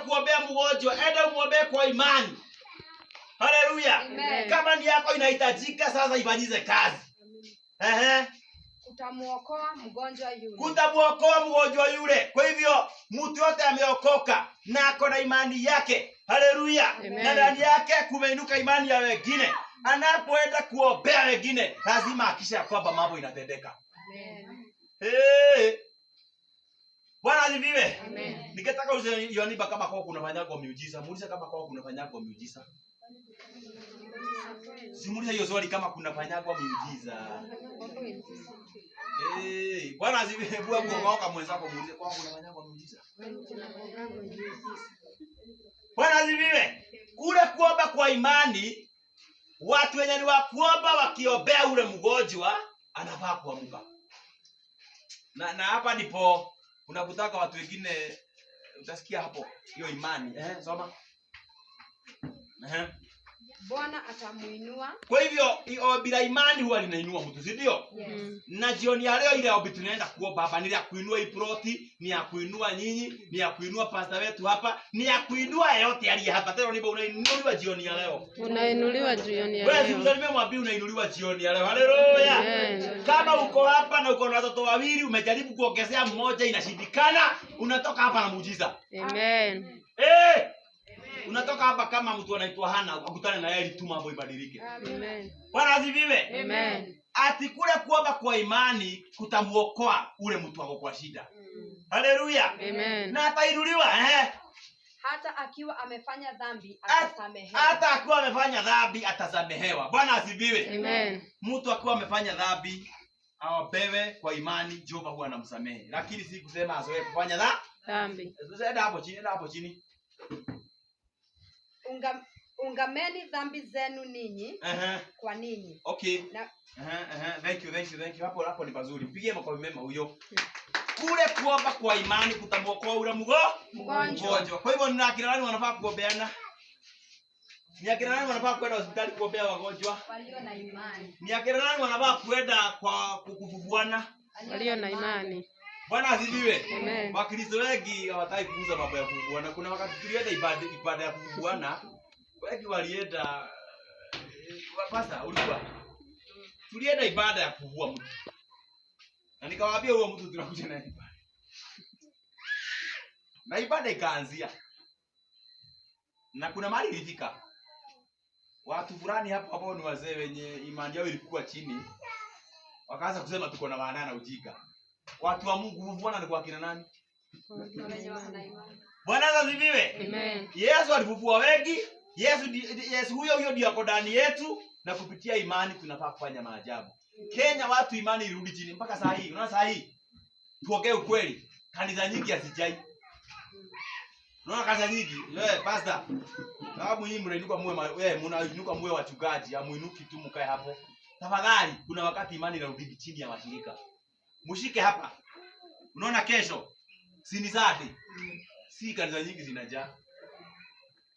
kuombea mgonjwa, ende umwombee kwa imani. Haleluya! kama ni yako inahitajika sasa, ifanyize kazi. Ehe, kutamuokoa mgonjwa yule, Kwa hivyo mtu yote ameokoka na ako na imani yake. Haleluya! na ndani yake kumeinuka imani ya wengine. Anapoenda kuombea wengine, lazima akisha ya kwamba mambo inatendeka. Hey. Bwana aliviwe. Amen. Ningetaka uze Yoniba kama kwa kuna fanyago miujiza. Muulize kama kwa kuna fanyago miujiza. Simuulize hiyo swali kama kuna fanyago miujiza. Eh, Bwana asifiwe. Hebu hapo ngoka mwenzako muulize kwa kuna fanyago miujiza. Bwana asifiwe. Kule kuomba kwa imani watu wenye ni wa kuomba wakiombea ule mgonjwa anafaa kuamka. Na na hapa ndipo unakutaka watu wengine utasikia hapo hiyo imani eh, soma eh. Bwana atamuinua. Kwa hivyo ombi la imani huwa linainua mtu, si ndio? Yes. Mm. Na jioni ya leo ile ombi tunaenda kuomba hapa ni ya kuinua hii ploti, ni ya kuinua nyinyi, ni ya kuinua pasta wetu hapa, ni ya kuinua yote aliye hapa. Tena ndipo unainuliwa jioni ya leo. Unainuliwa jioni ya leo. Wewe msalime mwambie unainuliwa jioni ya leo. Haleluya. Yes. Kama uko hapa na uko na watoto wawili umejaribu kuongezea mmoja inashindikana, unatoka hapa na muujiza. Amen. Eh! Hey! unatoka hapa kama mtu anaitwa Hana, ukakutana na yeye tu mambo ibadilike. Amen. Bwana asifiwe. Amen. Ati kule kuomba kwa imani kutamuokoa ule mtu wako kwa shida. Mm. Haleluya. Amen. Na atairuliwa eh? Hata akiwa amefanya dhambi atasamehewa. Hata akiwa amefanya dhambi atasamehewa. Bwana asifiwe. Amen. Mtu akiwa amefanya dhambi awapewe kwa imani, Jehova huwa anamsamehe, lakini si kusema azoe kufanya dhambi. Dhambi. Sasa hapo chini, hapo chini unga, ungameni dhambi zenu ninyi uh -huh. kwa ninyi okay na... uh -huh, uh -huh. thank you thank you thank you hapo hapo ni pazuri mpigie makofi mema huyo kule kuomba kwa imani kutambua kwa ule mgo mgonjwa. Kwa hivyo nina akina nani wanafaa kuombeana? Ni akina nani wanafaa kwenda hospitali kuombea wagonjwa? Walio na imani. Ni akina nani wanafaa kwenda kwa kukufufuana? Walio na imani. Bwana asifiwe. Wakristo wengi hawataki kuuza mambo ya Na Kuna wakati tulienda ibada ibada ya Bwana. Wengi walienda wapasa eh, ulikuwa. Tulienda ibada ya kuvua mtu. Na nikawaambia huyo mtu tunakuja naye ibada. Na ibada ikaanzia. Na kuna mahali ilifika. Watu fulani hapo ambao ni wazee wenye imani yao ilikuwa chini. Wakaanza kusema tuko na maana na ujika. Watu wa Mungu huvuana ni kwa kina nani? Bwana asifiwe. Amen. Yesu alifufua wengi. Yesu, Yesu huyo huyo ndiye ako ndani yetu na kupitia imani tunafaa kufanya maajabu. Kenya watu imani irudi chini mpaka saa hii. Unaona saa hii? Tuongee ukweli. Kanisa nyingi hazijai. Unaona kanisa nyingi? Wewe pastor. Sababu hii mnainuka mwe wewe mnainuka mwe wachungaji, amuinuki tu mkae hapo. Tafadhali kuna wakati imani inarudi chini ya washirika mushike hapa. Unaona kesho? Si ni safi. Si kanisa nyingi zinajaa.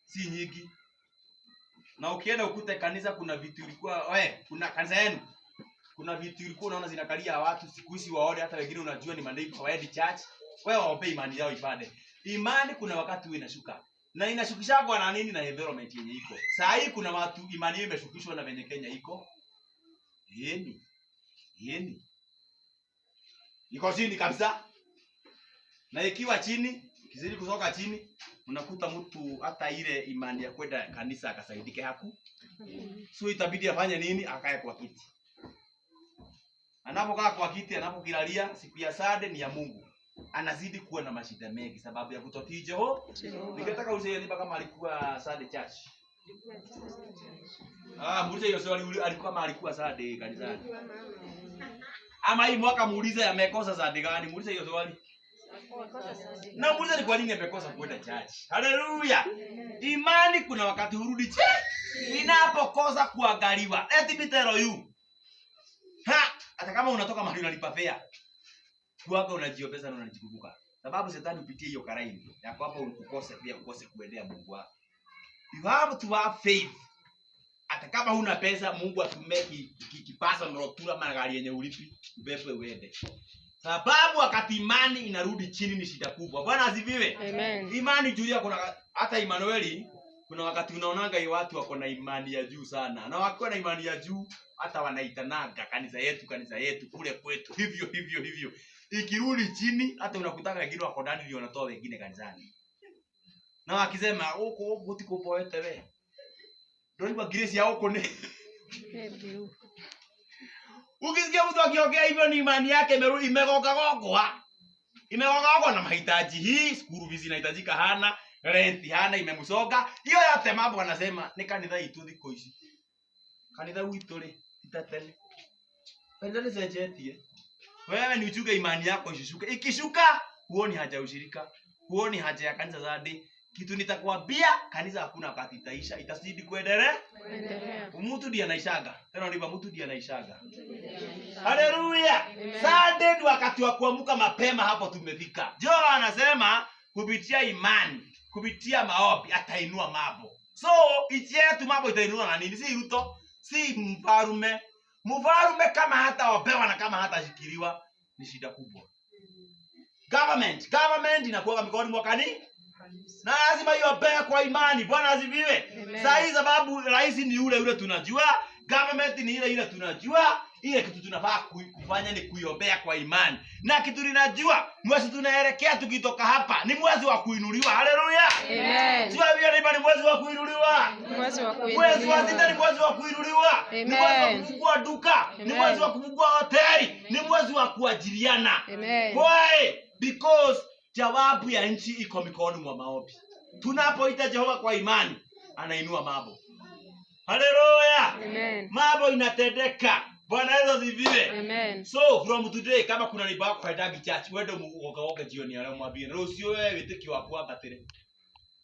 Si nyingi. Na ukienda ukute kanisa kuna vitu ilikuwa we, eh, kuna kanisa yenu. Kuna vitu ilikuwa unaona zinakalia watu siku hizi waone hata wengine unajua ni Monday Kawaidi Church. Wewe waombe imani yao ipande. Imani kuna wakati huwa inashuka. Na inashukisha kwa na nini na environment yenye iko. Saa hii kuna watu imani yao imeshukishwa na venye Kenya iko. Yeni. Yeni iko chini kabisa, na ikiwa chini, ikizidi kusoka chini, unakuta mtu hata ile imani ya kwenda kanisa akasaidike haku, so itabidi afanye nini? Akae kwa kiti. Anapokaa kwa kiti, anapokilalia, siku ya sade ni ya Mungu anazidi kuwa na mashida mengi sababu ya kutotii Jeho. Nikataka uzee nipa kama alikuwa sade church. Ah, mzee Yosef alikuwa kama alikuwa Sunday kanisani. Ama hii mwaka muulize amekosa sadi gani? Muulize hiyo swali. Na muulize ni kwa nini amekosa kwenda church. Haleluya. Imani kuna wakati hurudi church inapokosa kuangaliwa. Let me tell you. Ha, hata kama unatoka mahali unalipa fare. Tuaga unajio pesa na unajikumbuka. Sababu shetani upitie hiyo karaini. Yako hapo ukose pia ukose kuendea Mungu wako. You have to have faith hata kama huna pesa Mungu atumie kipasa mrotula magari yenye ulipi upepe uende, sababu wakati imani inarudi chini ni shida kubwa. Bwana asifiwe, amen. Imani juu ya kuna hata Emmanueli, kuna wakati unaonaga hiyo watu wako na imani ya juu sana, na wako na imani ya juu hata wanaitanaga kanisa yetu, kanisa yetu, kule kwetu, hivyo hivyo hivyo. Ikirudi chini, hata unakutana wengine wako ndani ndio wanatoa wengine kanisani, na wakisema huko huko tiko poete wewe Unaigua grace ya huko ni. Ukisikia mtu akiongea hivyo ni imani yake imeru imegoka gogwa. Imegoka gogwa na mahitaji hii, skuru fees inahitajika hana, renti hana imemsoga Hiyo yote mambo anasema ni kanitha itu thiko ici. Kanitha witu ri itatele. Kanitha ni sejetie. Wewe ni uchuke imani yako ishuke Ikishuka huoni haja ushirika. Huoni haja ya kanisa zadi kitu nitakwambia, kanisa hakuna wakati itaisha, itazidi kuendelea. Mtu ndiye anaishaga tena, ndiba mtu ndiye anaishaga. Haleluya! Sunday ni wakati wa kuamka mapema, hapo tumefika. Jo anasema kupitia imani, kupitia maombi atainua mambo. So nchi yetu mambo itainua na nini? Si Ruto, si mfarume. Mfarume kama hata wapewa na kama hata shikiliwa ni shida kubwa. Government, government inakuwa mikononi mwakani na lazima iombee kwa imani. Bwana azivive Saa sababu rais ni yule yule tunajua, government ni ile ile tunajua. Ile kitu tunafaa kufanya ni kuiombea kwa imani, na kitu tunajua, mwezi tunaelekea tukitoka hapa ni mwezi wa kuinuliwa. Haleluya, amen. Sio hiyo ndio, ni mwezi wa kuinuliwa, mwezi wa kuinuliwa, mwezi wa sita ni mwezi wa kuinuliwa, ni mwezi wa kufungua duka, ni mwezi wa kufungua hoteli, ni mwezi wa kuajiriana. Why? Because jawabu ya nchi iko mikononi mwa maombi. Tunapoita Jehova kwa imani, anainua mambo. Haleluya, Mambo inatendeka. Bwana Yesu asifiwe. Amen. So from today kama kuna nipa yako Dagi church, wende muoga oka jioni leo mwambie rucio wewe witiki wa kuambatire.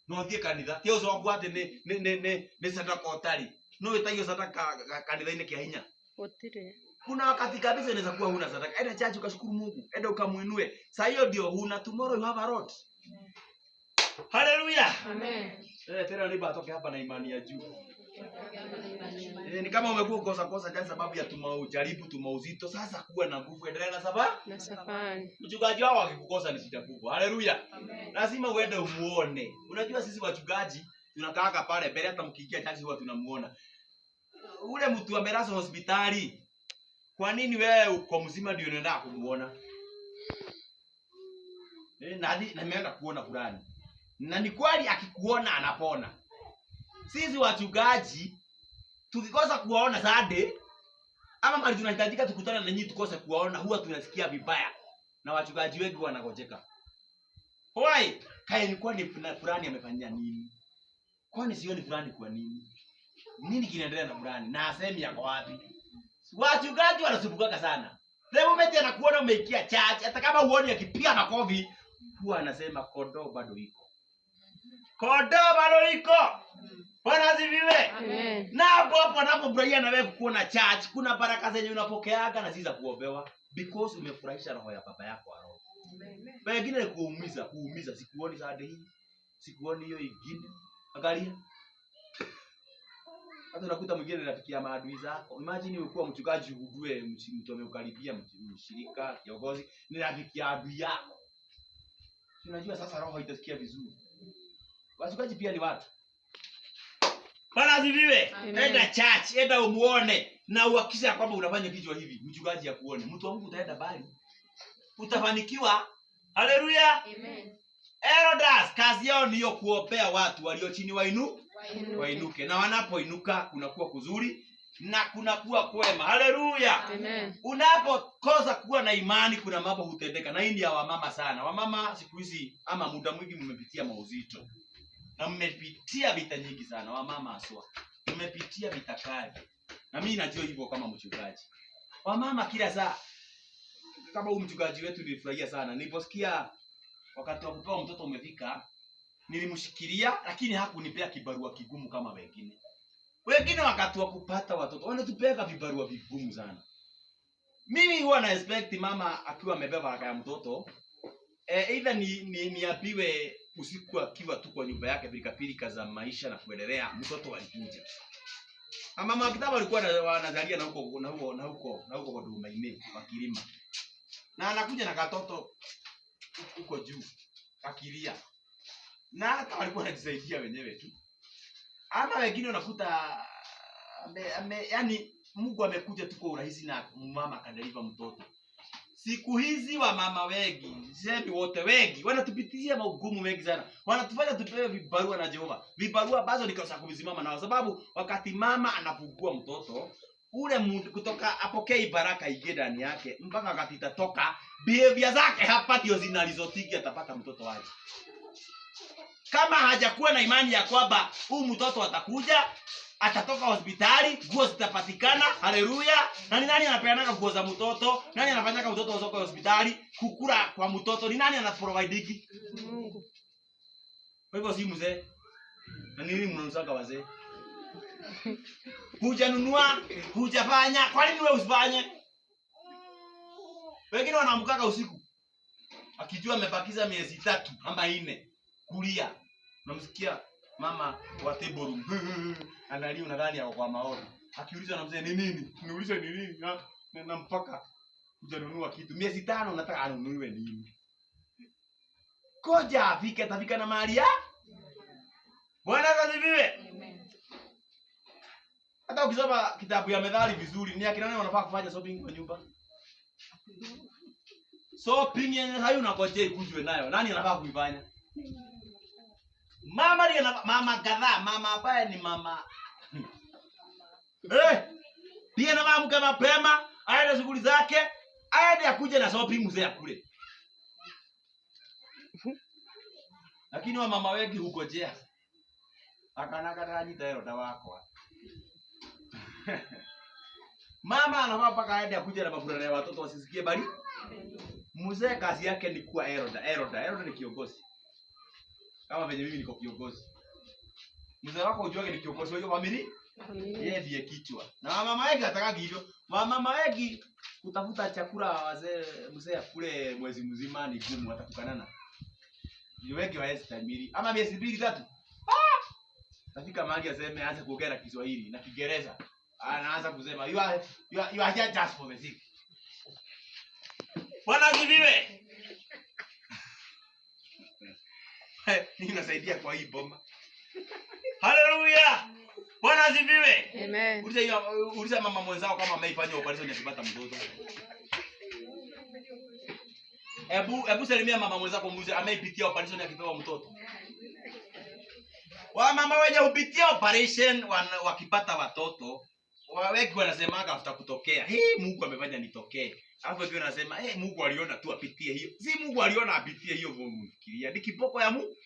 No thie kanitha. Tie uzo wangu ate ne ne ne ne sadaka otari. No witagio sadaka kanitha ine kia hinya. Otire kuna wakati kabisa unaweza kuwa huna sadaka. Enda chachi ukashukuru Mungu, enda ukamuinue. Sasa hiyo ndio huna, tomorrow you have a lot. Haleluya, amen. Eh, tena niba batoke hapa na imani ya juu. Eh, ni kama umekuwa kosa kosa kwa sababu ya tumau jaribu tumau zito. Sasa kuwa na nguvu, endelea na safari na safari. Mchungaji wao akikukosa ni shida kubwa. Haleluya, lazima uende umuone. Unajua sisi wachungaji tunakaaka pale mbele, hata mkiingia chaji huwa tunamuona ule mtu amelazwa hospitali kwa nini wewe kwa mzima ndio unaenda kumuona? Eh, nani nimeenda kuona fulani. Na ni kweli akikuona anapona. Sisi wachungaji tukikosa kuwaona sade ama mali tunahitajika tukutane na nyinyi tukose kuwaona, huwa tunasikia vibaya na wachungaji wengi wanagojeka. Oi, kaya ni kwani fulani amefanyia nini? Kwani sioni fulani kwa nini? Nini kinaendelea na fulani? Na asemi yako wapi? wachungaji wanasumbukaga sana. Sehemu anakuona umeikia church, hata kama uoni akipiga makofi, huwa anasema kondoo bado iko, kondoo bado iko. Bwana asifiwe. Amen. Na hapo hapo anapofurahia na wewe kukuona church, kuna baraka zenye unapokeaga na ziza kuombewa because umefurahisha roho ya baba yako aroho roho. Amen. Wengine ni kuumiza, kuumiza, sikuoni saa hii, sikuoni hiyo ingine. Angalia. Hata unakuta mwingine anafikia maadui zako. Imagine ulikuwa mchungaji ujue mtu ameukaribia mshirika kiongozi ni rafiki ya adui yako. Unajua sasa roho itasikia vizuri. Wachungaji pia ni watu. Bwana ziviwe. Enda church, enda umuone na uhakisha kwamba unafanya vitu hivi. Mchungaji akuone. Mtu wa Mungu utaenda bali. Utafanikiwa. Haleluya. Amen. Erodas, kazi yao ni kuombea watu walio chini wa wainu wainuke, Na wanapoinuka kunakuwa kuzuri na kunakuwa kwema. Haleluya, amen. Unapokosa kuwa na imani, kuna mambo hutendeka, na hii ni ya wamama sana. Wamama siku hizi ama muda mwingi mmepitia mauzito na mmepitia vita nyingi sana, wamama haswa mmepitia vita kali, na mimi najua hivyo kama mchungaji. Wamama kila saa, kama huyu mchungaji wetu nilifurahia sana niliposikia wakati wa kupewa mtoto umefika, nilimshikilia, lakini hakunipea kibarua kigumu kama wengine. Wengine wakatua kupata watoto wanatupeka vibarua vigumu sana. Mimi huwa na expect mama akiwa amebeba raka ya mtoto e, either ni, ni, niapiwe usiku akiwa tu kwa nyumba yake pilika pilika za maisha na kuendelea, mtoto alikuja ama mama kitabu alikuwa wanazalia na huko na huko na huko na huko kwa Duma ine kilima. na anakuja na katoto huko juu akilia na hata walikuwa wanajisaidia wenyewe tu, ama wengine unakuta ame, ame, yani Mungu amekuja tu kwa urahisi na mama akadeliva mtoto. Siku hizi wa mama wengi, semi wote wengi, wanatupitia maugumu mengi sana, wanatufanya tupewe vibarua na Jehova, vibarua ambazo ni kosa kuvisimama nao, sababu wakati mama anapugua mtoto ule mtu kutoka apokee baraka ije ndani yake mpaka wakati itatoka, behavior zake hapa ndio zinalizotikia atapata mtoto wake kama hajakuwa na imani ya kwamba huu mtoto atakuja, atatoka hospitali, nguo zitapatikana. Haleluya! nani nani anapeanaka nguo za mtoto? Nani anafanyaka mtoto asoka hospitali? kukura kwa mtoto ni nani anaprovidiki? Mungu. Kwa hivyo si mzee, na nini mnamsaka wazee? Hujanunua, hujafanya, kwa nini wewe usifanye? Wengine wanaamkaka usiku akijua amebakiza miezi tatu ama nne kulia, unamsikia mama wa teboro analia, unadhani yako kwa maoni. Akiuliza na mzee ni nini, niulize ni nini na, na, mpaka kujanunua kitu miezi tano, nataka anunuiwe nini? Koja afike, atafika na mali ya ah! Bwana kanibiwe. Hata ukisoma kitabu ya Methali vizuri, ni akina nani wanafaa kufanya shopping kwa nyumba? Shopping yenye hayo unakojea ikujwe nayo. Nani anafaa kuifanya? mama ni ria mama kadhaa mama ambaye ni mama eh pia na mamka mapema aende shughuli zake aende akuje na sopi mzee akule lakini wa mama wengi hukojea tayari dawa kwa mama anafaa mpaka aende akuje na mafurana ya watoto wasisikie bali mzee kazi yake ni kuwa eroda eroda eroda ni kiongozi kama venye mimi niko kiongozi. Mzee wako ujuage ni kiongozi, unajua mami ni yeye ndiye kichwa. Na mama yake atakaga hivyo. Mama yake kutafuta chakula wazee mzee akule mwezi mzima ni gumu, atakukanana. Ni wengi wa Esther mbili ama miezi mbili tatu. Ah! Tafika mahali aseme aanze kuongea na Kiswahili na Kiingereza. Anaanza kusema you are, you are, you are just for the Bwana kibiwe. Ni unasaidia kwa hii bomba. Haleluya. Bwana asifiwe. Amen. Uliza uliza mama mwenzao kama ameifanya operation ya kupata mtoto. Hebu hebu salimia mama mwenzako muulize ameipitia operation ya kupewa mtoto. Wa mama wenye upitia operation wakipata watoto wengi wanasemaga afuta kutokea hey, Mungu amefanya nitokee, alafu pia wanasema hey, eh, Mungu aliona tu apitie hiyo. Si Mungu aliona apitie hiyo, vumfikiria ni kiboko ya Mungu.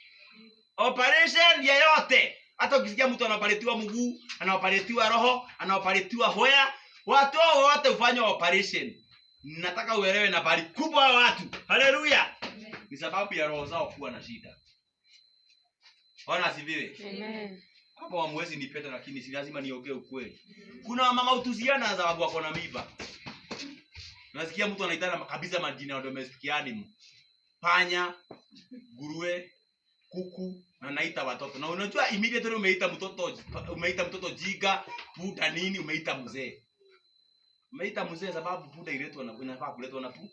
Operation yeyote, hata ukisikia mtu anaoparetiwa mguu, anaoparetiwa roho, anaoparetiwa hoya, watu hao wote hufanya operation. Nataka uelewe na bali kubwa wa watu. Haleluya! Ni sababu ya roho zao kuwa na shida. Ona siviwe. Amen. Hapa hamwezi nipeta, lakini si lazima niongee ukweli. Kuna mama utuziana za sababu wako na miba. Nasikia mtu anaitana kabisa majina ya domestic animal. Panya, nguruwe, kuku na naita watoto. Na unajua immediately umeita mtoto umeita mtoto jiga, buda nini, umeita mzee. Umeita mzee sababu buda iletwa na inafaa kuletwa na pu.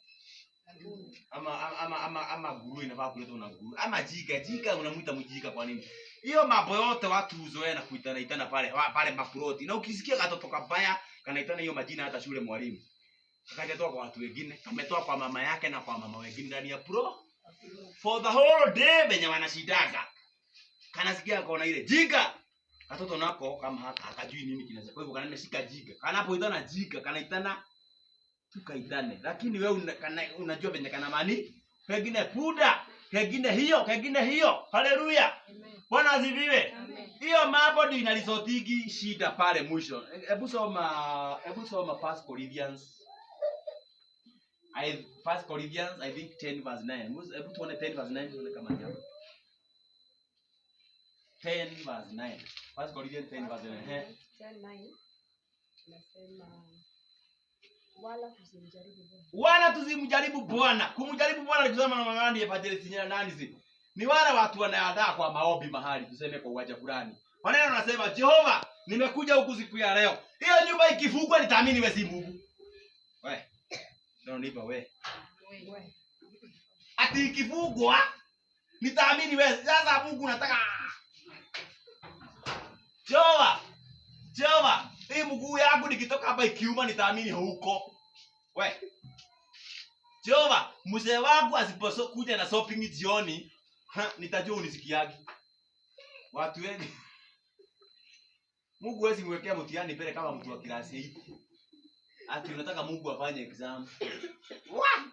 Ama ama ama ama, ama inafaa kuletwa na nguruwe. Ama jiga, jiga unamuita mjiga kwa nini? hiyo mambo yote watu uzoea na kuitana itana pale pale maploti, na ukisikia katoto kabaya kanaitana hiyo majina, hata shule mwalimu akajatoa kwa watu wengine, ametoa kwa mama yake na kwa mama wengine ndani ya pro for the whole day venye wanashidaga, kanasikia akaona ile jiga katoto nako kama haka akajui nini kinaza Kwa hivyo kana nimeshika jiga, kanapoitana jiga kanaitana tukaitane, lakini wewe una, unajua venye kana mani pengine puda pengine hiyo pengine hiyo. Haleluya, amen. Bwana asifiwe. Hiyo mambo ndio inalizotigi shida pale mwisho. Hebu soma, hebu soma First Corinthians. I First Corinthians I think 10 verse 9. Hebu tuone 10 verse 9 tuone kama ni hapo. 10 verse 9. First Corinthians 10 verse 9. 10 verse 9. Nasema wala tusimjaribu Bwana. Kumjaribu Bwana ni kusema na maana ndiye sinyana nani zipo? ni wale watu wanaandaa kwa maombi mahali, tuseme kwa uwanja fulani, wanaenda wanasema, Jehova, nimekuja huku siku ya leo, hiyo nyumba ikifungwa nitaamini wewe si Mungu. We niba we, ati ikifungwa nitaamini wewe. Sasa Mungu nataka Jehova, Jehova, hii mguu yangu nikitoka hapa ikiuma nitaamini huko. We Jehova, mzee wangu asipokuja na shopping jioni nitajua unisikiagi. Watu wengi Mungu hawezi mwekea mtihani pale kama mtu wa kirasi hii. Ati unataka Mungu afanye exam. Wah!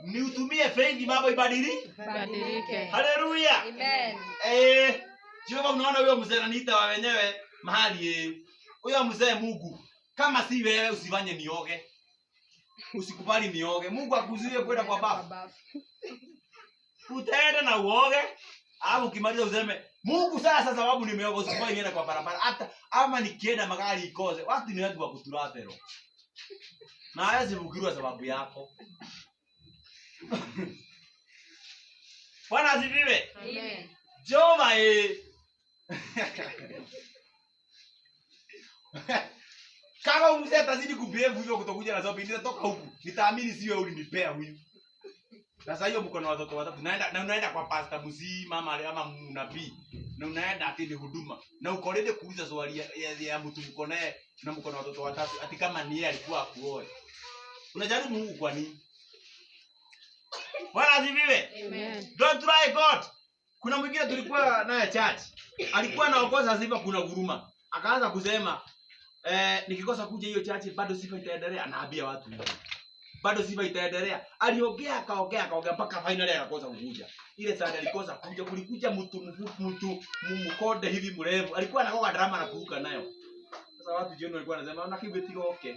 Ni utumie fendi mambo ibadilike. Badilike. Haleluya. Amen. Eh, kama unaona huyo mzee ananiita wa wenyewe mahali eh. Huyo mzee Mungu kama si wewe usifanye nioge. Usikubali nioge. Mungu akuzuie kwenda kwa baba. utaenda na uoge au ukimaliza useme Mungu sasa, sababu nimeoga, usifanye niende kwa barabara hata ama nikienda magari ikoze. Watu ni watu wa kuturate roho na haya zivugirwa sababu yako. Bwana asifiwe. Amen. Jehova e Kama mzee atazidi kubehave hivyo kutokuja na zao sababu nitatoka huku. Nitaamini sio wewe ulinipea huyu. Sasa hiyo mko na watoto watatu, naenda na unaenda kwa pasta mzima ama ama mnabii na unaenda ati ni huduma na uko ready kuuliza swali ya, ya, ya mtu mko naye na mko na watoto watatu ati kama ni yeye alikuwa akuoe. Unajaribu Mungu kwa nini? Bwana asifiwe. Amen. Don't try God. Kuna mwingine tulikuwa naye church. Alikuwa anaongoza sifa kuna huruma. Akaanza kusema eh, nikikosa kuja hiyo church bado sifa itaendelea, anaambia watu hivyo bado Simba itaendelea. Aliongea akaongea akaongea mpaka finali akakosa kuja Ile sana alikosa kuja, kulikuja mtu mtu mkonde hivi mrefu. Alikuwa anakoka drama na kuruka nayo. Sasa watu jioni walikuwa wanasema na kibe tigo okay.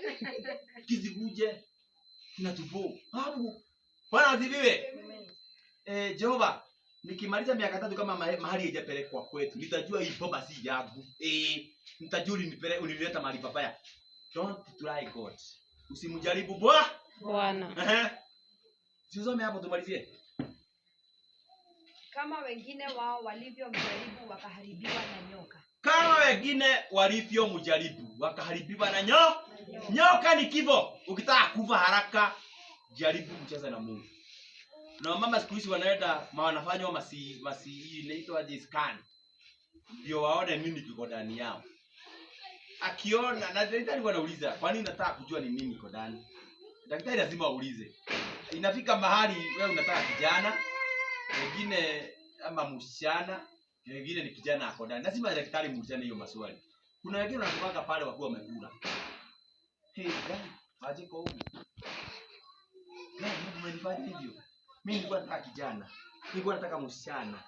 kizikuje kuje na tupo. Hapo. Bwana asifiwe. Eh, Jehova nikimaliza miaka tatu kama mahali haijapelekwa kwetu, nitajua hii bomba si yangu. Eh, nitajua nipeleke unileta mahali papaya. Don't try God. Usimjaribu bwa Bwana. Ehe. Tusome hapo tumalizie. Kama wengine wao walivyomjaribu wakaharibiwa na nyoka. Kama wengine walivyomjaribu wakaharibiwa na nyoka. Nyoka ni kivo. Ukitaka kuva haraka, jaribu kucheza na Mungu. Na mama siku hizi wanaenda wanafanywa masi masi, inaitwa scan. Ndio waone nini kiko ndani yao akiona na daktari anauliza, kwa nini nataka kujua ni nini iko ndani. Daktari lazima aulize. Inafika mahali wewe unataka kijana, wengine ama msichana, wengine ni kijana ako ndani. Lazima daktari muulize hiyo maswali. Kuna wengine wanakuwa pale wakiwa wamekula. Hey, gani? Aje kwa huko. Gani mmenifanya hivyo? Mimi nilikuwa nataka kijana. Nilikuwa nataka msichana.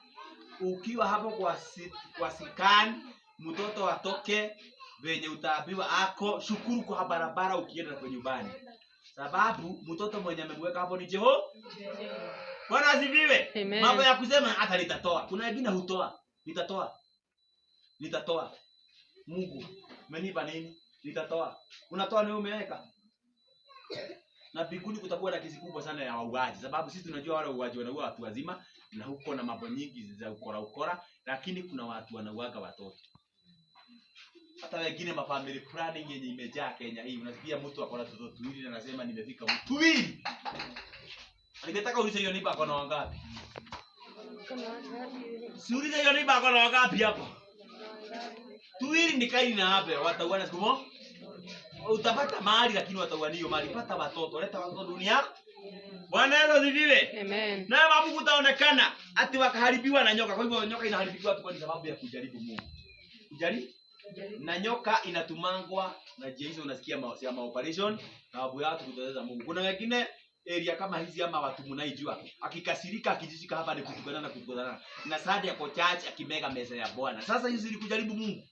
Ukiwa hapo kwa sit, kwa sikani mtoto atoke venye utaambiwa ako shukuru kwa barabara ukienda kwa nyumbani, sababu mtoto mwenye amemweka hapo ni Jeho. Bwana asifiwe. Mambo ya kusema hata nitatoa, kuna wengine hutoa, nitatoa, nitatoa, Mungu umenipa nini? Nitatoa. Unatoa ni umeweka na binguni kutakuwa na kesi kubwa sana ya wauaji, sababu sisi tunajua wale wauaji wanaua watu wazima, na huko na mambo nyingi za ukora ukora, lakini kuna watu wanauaga watoto hata wengine mafamili fulani yenye imejaa Kenya hii, unasikia mtu akona watoto tuwili na anasema nimefika mtu tuwili. Ningetaka ulize hiyo nipa akona wangapi? Si ulize hiyo nipa akona wangapi hapo? Tuwili ni kaini na hape, watauana siku moja. Utapata mali lakini watauana hiyo mali. Pata watoto, leta watoto dunia. Bwana Yesu asifiwe. Amen. Na Mungu taonekana ati wakaharibiwa na nyoka. Kwa hivyo nyoka inaharibiwa tu kwa sababu ya kujaribu Mungu. Kujaribu na nyoka inatumangwa na jeiso unasikia mawasi ama operation na wabu yatu kutoteza Mungu. Kuna wengine area kama hizi ama watu mnaijua, akikasirika akijishika hapa ni kutukana na kutukana na sadi yako church, akimega meza ya Bwana. Sasa hizi ni kujaribu Mungu,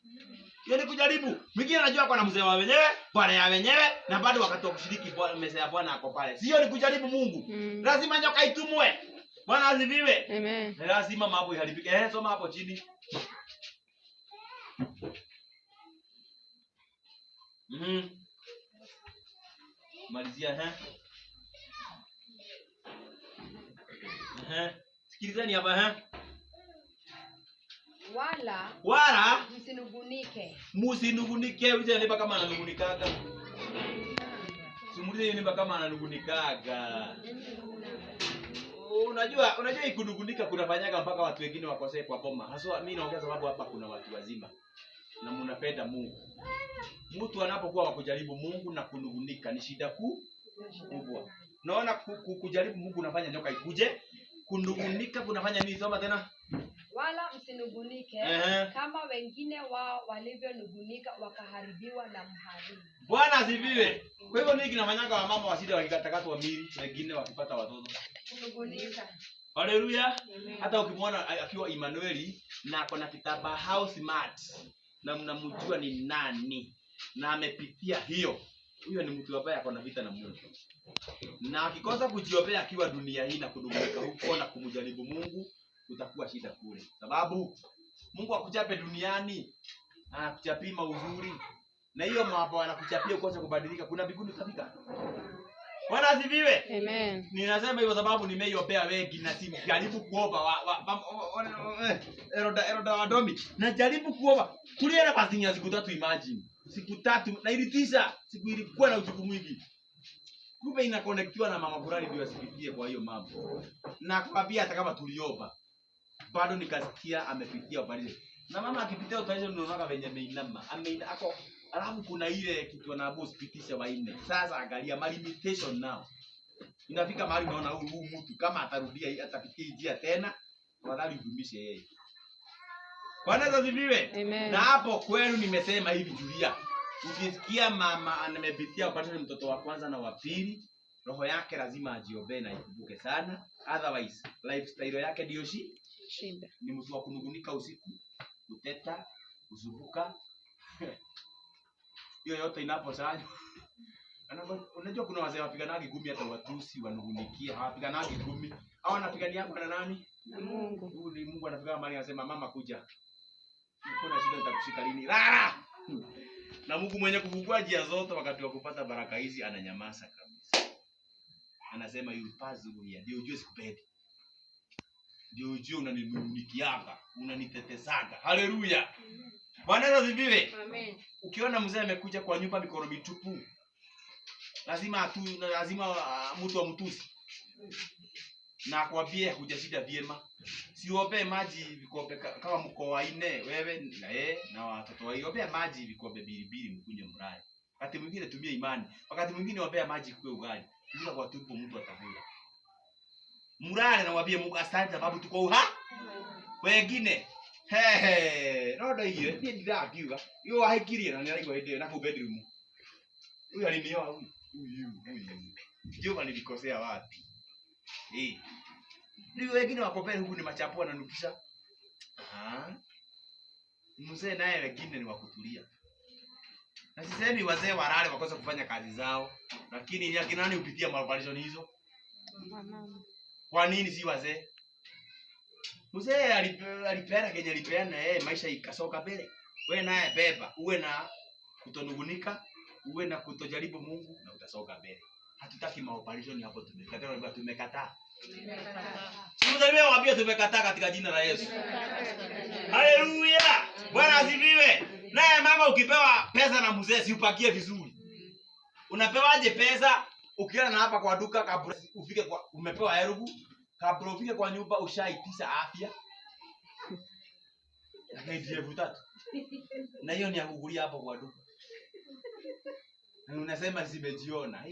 hiyo ni kujaribu. Mwingine anajua kwa na mzee wa wenyewe bwana ya wenyewe, na bado wakati wa kushiriki meza ya Bwana ako pale, sio ni kujaribu Mungu. Mm. Lazima nyoka itumwe. Bwana aziviwe. Amen. Lazima mambo iharibike. Eh, soma hapo chini. Mhm. Malizia he. Ehe. Sikilizani hapa he. Wala wala msinugunike. Msinugunike, uje nipa kama ananugunikaga. Simulize nipa kama ananugunikaga. Oh, unajua, unajua ikunugunika kunafanyaga mpaka watu wengine wakosee kwa boma. Haswa mimi naongea sababu hapa kuna watu wazima na munapenda Mungu. Mtu anapokuwa wakujaribu Mungu na kunungunika ni shida kubwa. Naona kujaribu Mungu unafanya nyoka ikuje, kunungunika kunafanya nini? Soma tena. Wala msinugunike uh -huh. kama wengine wao walivyonugunika wakaharibiwa na mharibu. Bwana asifiwe. Kwa hivyo nini kinafanyanga wamama wasida wakikatakatwa wa mili, wengine wakipata watoto kunugunika. Haleluya. Hata ukimwona akiwa Emmanuel na ako na kitaba house mat na mnamjua ni nani na amepitia hiyo, huyo ni mtu ambaye ako na vita na Mungu, na akikosa kujiombea akiwa dunia hii na kudumika huko na kumjaribu Mungu, utakuwa shida kule, sababu Mungu akuchape duniani anakuchapia uzuri, na hiyo mambo anakuchapia ukose kubadilika, kuna mbinguni utafika? Bwana asifiwe. Amen. Ninasema hivyo sababu nimeiombea wengi na sijaribu kuomba eroda eroda wadomi. Najaribu kuomba. Tulia na basi ya siku tatu imagine. Siku tatu na ilitisha, siku ilikuwa na uchungu mwingi. Kumbe inakonektiwa na mama fulani ndio asifikie kwa hiyo mambo. Na kwambia hata kama tuliomba bado nikasikia amepitia operation. Na mama akipitia operation unaona venye meinama. Ameinama ako Alafu kuna ile kitu na boss pitisha wanne. Sasa angalia ma limitation now. Inafika mahali unaona huyu mtu kama atarudia atapitia njia tena, afadhali udumishe yeye. Bwana asifiwe. Na hapo kwenu nimesema hivi Julia. Ukisikia mama amepitia upatane mtoto wa kwanza na wa pili, roho yake lazima ajiobe na ikumbuke sana. Otherwise, lifestyle yake ndio shi shinda. Ni mtu wa kunungunika usiku, kuteta, kuzunguka. hiyo yote inapotajwa unajua kuna wazee wapiganaji gumi hata watusi hawapiganaji gumi. ngumi au anapigania na nani na Mungu huyu ni Mungu anapiga mali anasema mama kuja kuna shida nitakushika lini rara na Mungu mwenye kufungua njia zote wakati wa kupata baraka hizi ananyamaza kabisa anasema yupazi dunia ndio ujue sikupendi ndio ujue unaninunikianga unanitetesaga. haleluya Bwana asifiwe. Amen. Ukiona mzee amekuja kwa nyumba mikono mitupu, lazima atu, lazima uh, mtu amtusi na akwambie hujashida vyema. Siombee maji vikombe kama mko waine wewe na yeye na watoto wao. Ombea maji vikombe bilibili mkunje mrai. Wakati mwingine tumia imani. Wakati mwingine ombea maji kwa ugali. Bila kwa tupo mtu atakula. Mradi na mwambie Mungu asante sababu tuko uha. Wengine He, no ndoigire niä ndiraga kiuga ah. yå wahekirie na nä araigua hä ndä ä yo nakå bedroom å yå arä nä oa jehova nilikosea wapi eh. ndio wengine wako mbele huku ni machapua na nukisha mzee naye wengine ni wakutulia na sisemi wazee warale wakosa kufanya kazi zao lakini ni akina nani hupitia malvaration hizo kwa nini si wazee Mzee alipeana kenye alipeana yeye, eh, maisha ikasoka mbele. Wewe naye beba, uwe na kutonugunika, uwe na kutojaribu Mungu na utasoka mbele. Hatutaki maoperation hapo, tumekataa Tumekataa. tumekataa. Tumekataa. Waambie tumekataa katika jina la Yesu. Haleluya. Bwana asifiwe. Naye mama, ukipewa pesa na mzee si upakie vizuri. Unapewaje pesa? ukiona na hapa kwa duka kabla ufike kwa umepewa elfu kabla ufike kwa nyumba ushaitisa afya akaiti elfu tatu na hiyo ni akukulia hapo kwa duka unasema zimejiona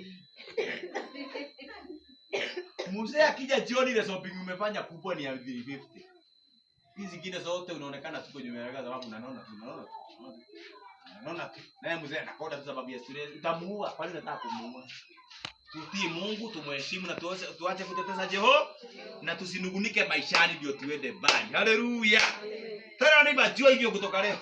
mzee akija jioni ile shopping umefanya kubwa ni ya 350 hizi zingine zote unaonekana tuko nyumeleka sababu unaona tunaona unaona naye mzee anakoda tu sababu ya stress utamuua kwani nataka kumuua Tutii Mungu, tumheshimu na tuose, tuache kuteteza Jeho na tusinugunike maishani ndio tuende mbali. Haleluya. Tena ni bajua hivyo kutoka leo.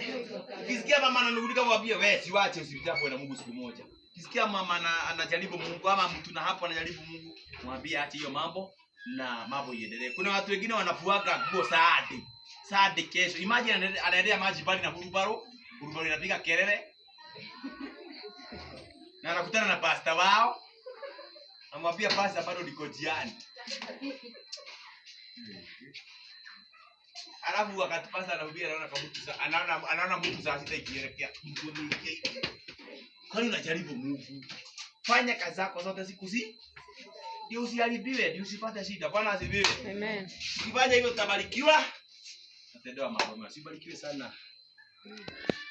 Kisikia mama ananugunika mwambie wewe siwache usipitapo na Mungu siku moja. Kisikia mama anajaribu Mungu ama mtu na hapo anajaribu Mungu, mwambie ache hiyo mambo na mambo iendelee. Kuna watu wengine wanafuaga nguo saadi. Saadi kesho. Imagine anaendea maji bali na hurubaro, hurubaro inapiga kelele, na anakutana na pasta wao amwambia pasta bado niko jiani alafu wakati pasta anahubiri anaona kamutu anaona anaona mtu saa sita ikielekea kwani unajaribu Mungu fanya kazi zako zote siku si ndio usiharibiwe ndio usipate shida bwana asifiwe amen ukifanya hivyo utabarikiwa atendewa mambo mema. Sibarikiwe sana mm.